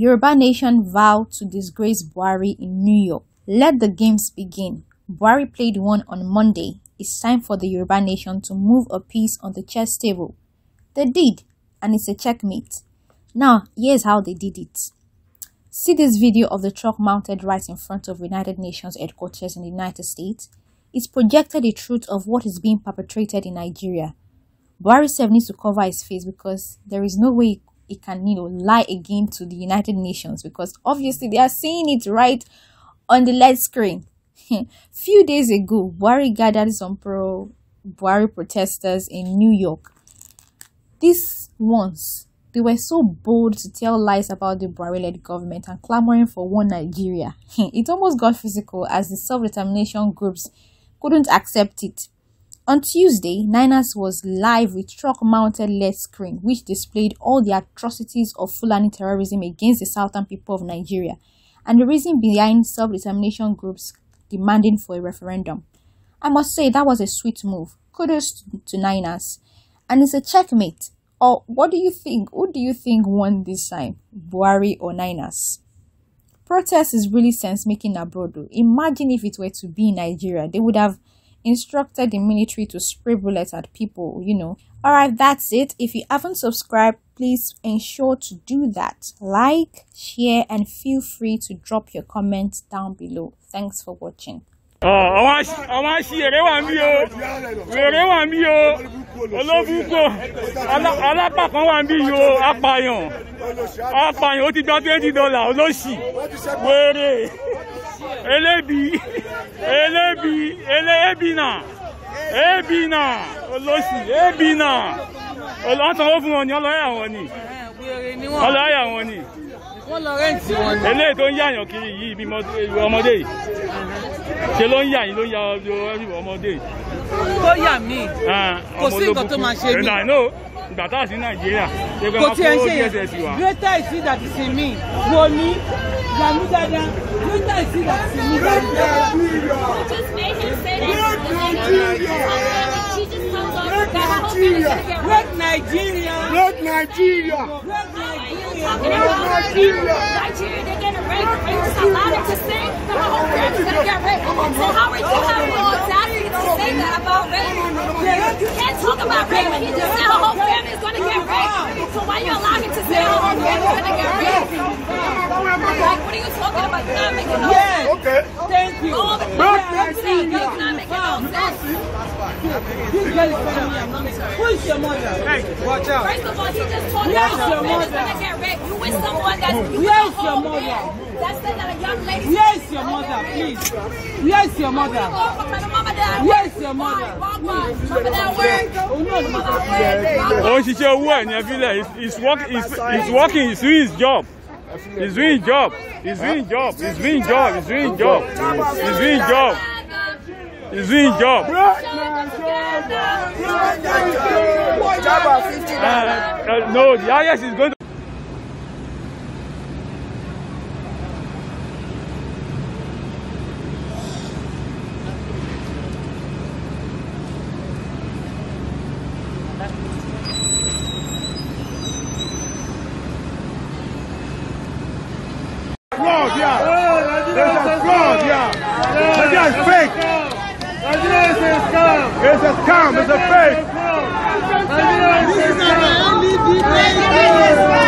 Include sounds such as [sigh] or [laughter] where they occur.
Yoruba nation vow to disgrace Buhari in New York. Let the games begin. Buhari played one on Monday. It's time for the Yoruba nation to move a piece on the chess table. They did, and it's a checkmate. Now, here's how they did it. See this video of the truck mounted right in front of United Nations headquarters in the United States? It's projected the truth of what is being perpetrated in Nigeria. Buhari 7 needs to cover his face because there is no way it can, you know, lie again to the United Nations because obviously they are seeing it right on the LED screen. [laughs] Few days ago, Buhari gathered some pro Buhari protesters in New York. These ones, they were so bold to tell lies about the bari led government and clamoring for one Nigeria. [laughs] it almost got physical as the self determination groups couldn't accept it. On Tuesday, Niners was live with truck-mounted LED screen which displayed all the atrocities of Fulani terrorism against the southern people of Nigeria and the reason behind self-determination groups demanding for a referendum. I must say that was a sweet move. Kudos to, Niners. And it's a checkmate. Or what do you think? Who do you think won this time? Buhari or Niners? Protest is really sense-making abroad. Imagine if it were to be in Nigeria. They would have instructed the military to spray bullets at people, you know. All right, that's it. If you haven't subscribed, please ensure to do that. Like, share, and feel free to drop your comments down below. Thanks for watching. ọmọ elébi elébi elébi náà ebi náà olóṣì ebi náà ọ̀tọ̀wọ́ fún wọn ni ọlọ́yà wọn ni ọlọ́yà wọn ni wọ́n lọ rẹ́ǹtì wọn ni. eléyìí tó ń yàyàn kiri yìí bí ìwọ ọmọdé yìí ṣe ló ń yà yín ló ń ya ìwọ ọmọdé yìí. tó yà mí ah, kò sí nǹkan tó máa ṣe mí ìgbà tá a sí nàìjíríà. kò tiẹ̀ ṣe yẹn greater is he that is in me wo ni Yami Dada, do You Nigeria. Red Nigeria. Red Nigeria. Red Nigeria. Red Nigeria. Nigeria, they're getting raped. Are you to say that my whole family's going to get red. So how are you having the audacity to say that about red? You can't talk about red when you just said whole family's going to get raped. So why are you allowing to say her whole family's going to get red? what are you talking about? you yes. yes, Oh, she's your one. It's, it's, work, it's, it's working. It's doing his job. He's doing job. He's doing job. He's doing job. He's doing job. He's doing job. He's doing job. no, the highest is going It's a come, it's a faith.